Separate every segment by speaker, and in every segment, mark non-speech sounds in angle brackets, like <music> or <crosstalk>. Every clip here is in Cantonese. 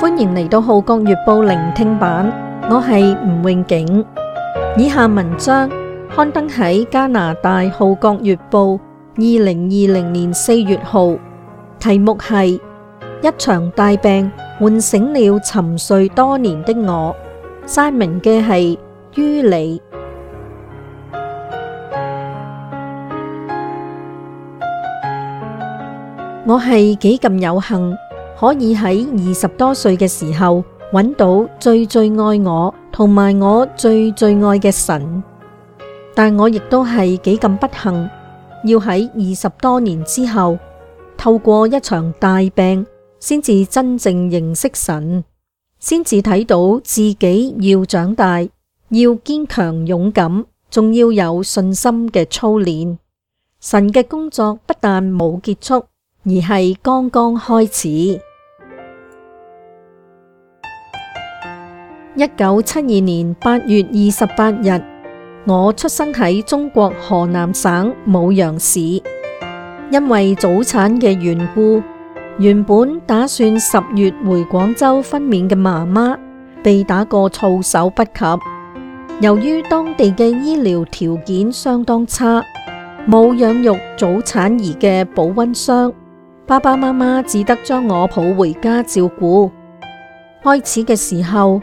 Speaker 1: 歡迎嚟到《號角月報》聆聽版，我係吳永景。以下文章刊登喺加拿大《號角月報》二零二零年四月號，題目係《一場大病喚醒了沉睡多年的我》，署名嘅係于你。我係幾咁有幸。可以喺二十多歲嘅時候搵到最最愛我同埋我最最愛嘅神，但我亦都係幾咁不幸，要喺二十多年之後透過一場大病先至真正認識神，先至睇到自己要長大，要堅強勇敢，仲要有信心嘅操練。神嘅工作不但冇結束，而係剛剛開始。一九七二年八月二十八日，我出生喺中國河南省舞陽市。因為早產嘅緣故，原本打算十月回廣州分娩嘅媽媽被打個措手不及。由於當地嘅醫療條件相當差，冇養育早產兒嘅保溫箱，爸爸媽媽只得將我抱回家照顧。開始嘅時候。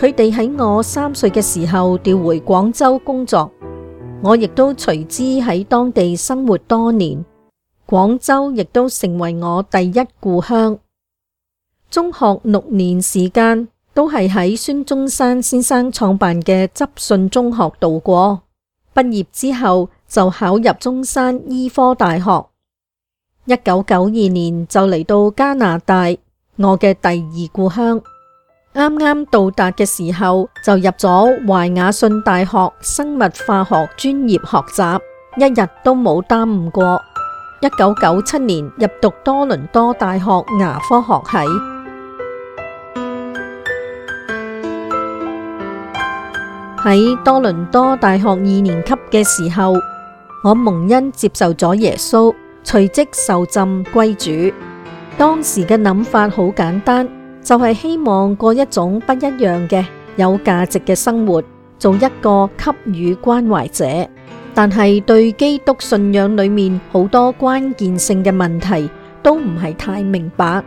Speaker 1: 佢哋喺我三歲嘅時候調回廣州工作，我亦都隨之喺當地生活多年。廣州亦都成為我第一故鄉。中學六年時間都係喺孫中山先生創辦嘅執信中學度過。畢業之後就考入中山醫科大學。一九九二年就嚟到加拿大，我嘅第二故鄉。啱啱到達嘅時候就入咗懷雅遜大學生物化學專業學習，一日都冇耽誤過。一九九七年入讀多倫多大學牙科學系。喺多倫多大學二年級嘅時候，我蒙恩接受咗耶穌，隨即受浸歸主。當時嘅諗法好簡單。就係希望過一種不一樣嘅有價值嘅生活，做一個給予關懷者。但係對基督信仰裏面好多關鍵性嘅問題都唔係太明白。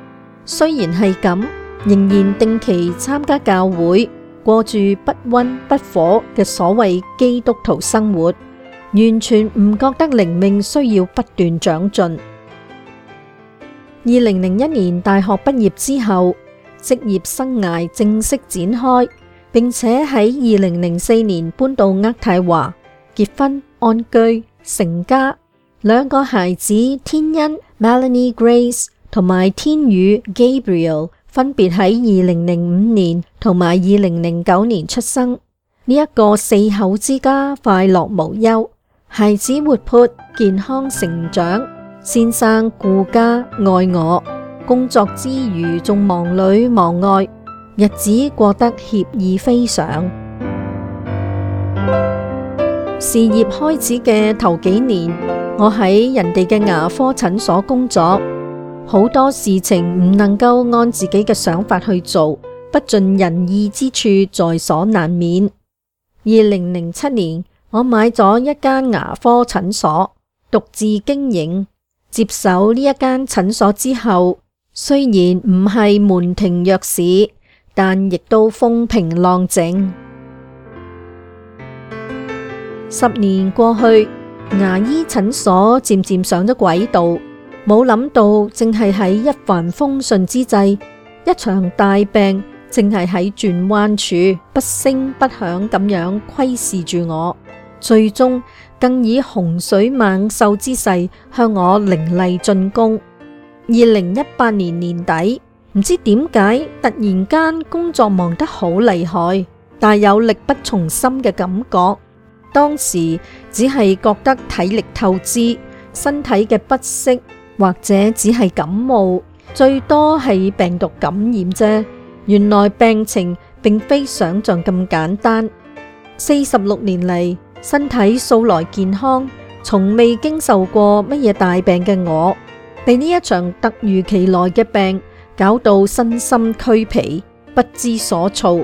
Speaker 1: 雖然係咁，仍然定期參加教會，過住不溫不火嘅所謂基督徒生活，完全唔覺得靈命需要不斷長進。二零零一年大學畢業之後。職業生涯正式展開，並且喺二零零四年搬到渥太華結婚安居成家，兩個孩子天恩 Melanie Grace 同埋天宇 Gabriel 分別喺二零零五年同埋二零零九年出生。呢、這、一個四口之家快樂無憂，孩子活潑健康成長，先生顧家愛我。工作之餘仲忙裏忙外，日子過得愜意非常。 <music> 事業開始嘅頭幾年，我喺人哋嘅牙科診所工作，好多事情唔能夠按自己嘅想法去做，不盡人意之處在所難免。二零零七年，我買咗一間牙科診所，獨自經營。接手呢一間診所之後，雖然唔係門庭若市，但亦都風平浪靜。十年過去，牙醫診所漸漸上咗軌道，冇諗到正係喺一帆風順之際，一場大病正係喺轉彎處不聲不響咁樣窺視住我，最終更以洪水猛獸之勢向我凌厲進攻。二零一八年年底，唔知點解突然間工作忙得好厲害，但有力不從心嘅感覺。當時只係覺得體力透支、身體嘅不適，或者只係感冒，最多係病毒感染啫。原來病情並非想象咁簡單。四十六年嚟，身體素來健康，從未經受過乜嘢大病嘅我。被呢一場突如其來嘅病搞到身心俱疲，不知所措。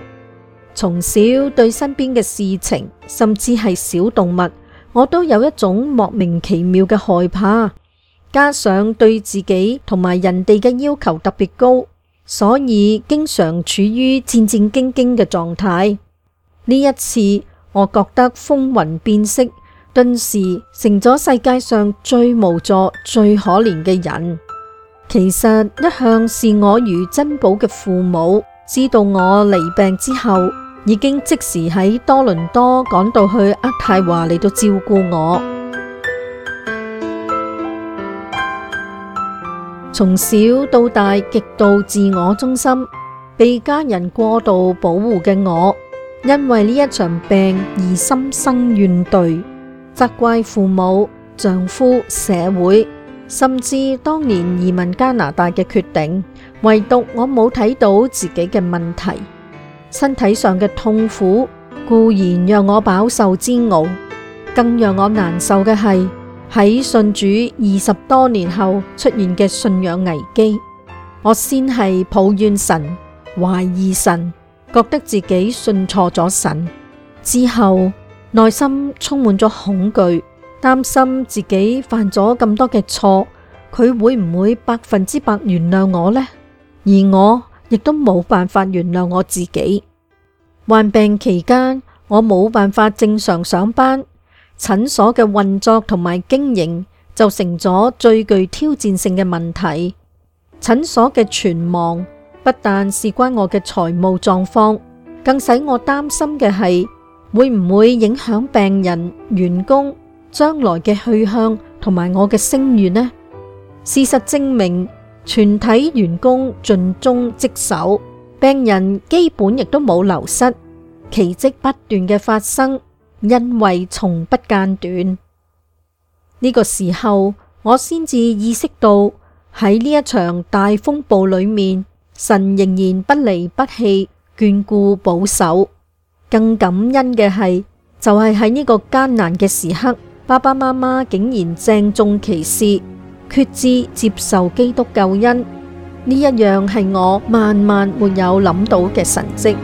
Speaker 1: 從小對身邊嘅事情，甚至係小動物，我都有一種莫名其妙嘅害怕。加上對自己同埋人哋嘅要求特別高，所以經常處於戰戰兢兢嘅狀態。呢一次，我覺得風雲變色。頓時成咗世界上最無助、最可憐嘅人。其實一向視我如珍寶嘅父母知道我罹病之後，已經即時喺多倫多趕到去渥太華嚟到照顧我。從小到大，極度自我中心、被家人過度保護嘅我，因為呢一場病而心生怨懟。責怪父母、丈夫、社會，甚至當年移民加拿大嘅決定，唯獨我冇睇到自己嘅問題。身體上嘅痛苦固然讓我飽受煎熬，更讓我難受嘅係喺信主二十多年後出現嘅信仰危機。我先係抱怨神、懷疑神，覺得自己信錯咗神，之後。內心充滿咗恐懼，擔心自己犯咗咁多嘅錯，佢會唔會百分之百原諒我呢？而我亦都冇辦法原諒我自己。患病期間，我冇辦法正常上班，診所嘅運作同埋經營就成咗最具挑戰性嘅問題。診所嘅存亡不但事關我嘅財務狀況，更使我擔心嘅係，會唔會影響病人、員工將來嘅去向，同埋我嘅聲譽呢？事實證明，全體員工盡忠職守，病人基本亦都冇流失，奇迹不斷嘅發生，恩惠從不間斷。呢個時候，我先至意識到喺呢一場大風暴裏面，神仍然不離不棄，眷顧保守。更感恩嘅係，就係喺呢個艱難嘅時刻，爸爸媽媽竟然鄭重其事決志接受基督救恩，呢一樣係我萬萬沒有諗到嘅神蹟。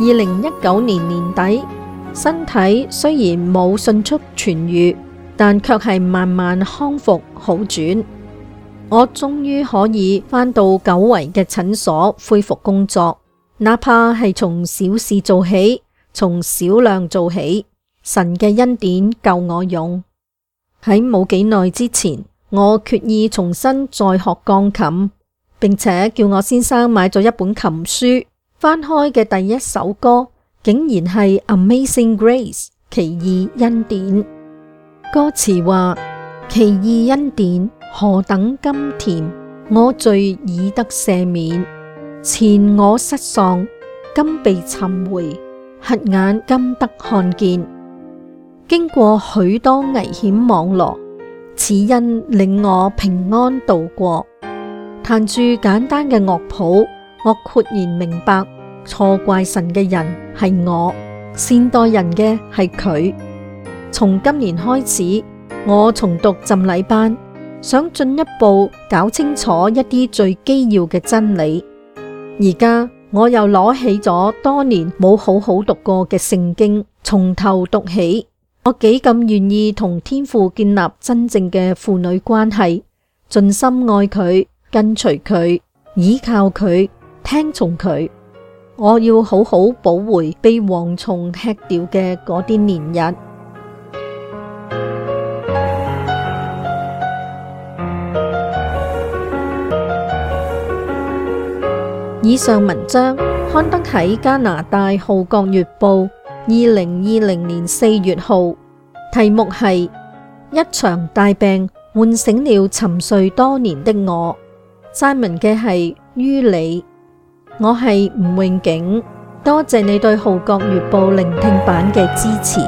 Speaker 1: 二零一九年年底，身體雖然冇迅速痊癒，但卻係慢慢康復好轉。我終於可以翻到久違嘅診所恢復工作，哪怕係從小事做起，從小量做起。神嘅恩典夠我用。喺冇幾耐之前，我決意重新再學鋼琴，並且叫我先生買咗一本琴書。翻開嘅第一首歌竟然係《Amazing Grace》，奇異恩典。歌詞話：奇異恩典。何等甘甜，我罪已得赦免。前我失喪，今被尋回，瞎眼今得看見。經過許多危險網羅，此恩令我平安度過。彈住簡單嘅樂譜，我豁然明白錯怪神嘅人係我，善待人嘅係佢。從今年開始，我重讀浸禮班。想進一步搞清楚一啲最基要嘅真理，而家我又攞起咗多年冇好好讀過嘅聖經，從頭讀起。我幾咁願意同天父建立真正嘅父女關係，盡心愛佢，跟隨佢，倚靠佢，聽從佢。我要好好補回被蝗蟲吃掉嘅嗰啲年日。以上文章刊登喺加拿大《號角月報》二零二零年四月號，題目係《一場大病喚醒了沉睡多年的我》。撰文嘅係于你。我係吳永景，多謝你對《號角月報》聆聽版嘅支持。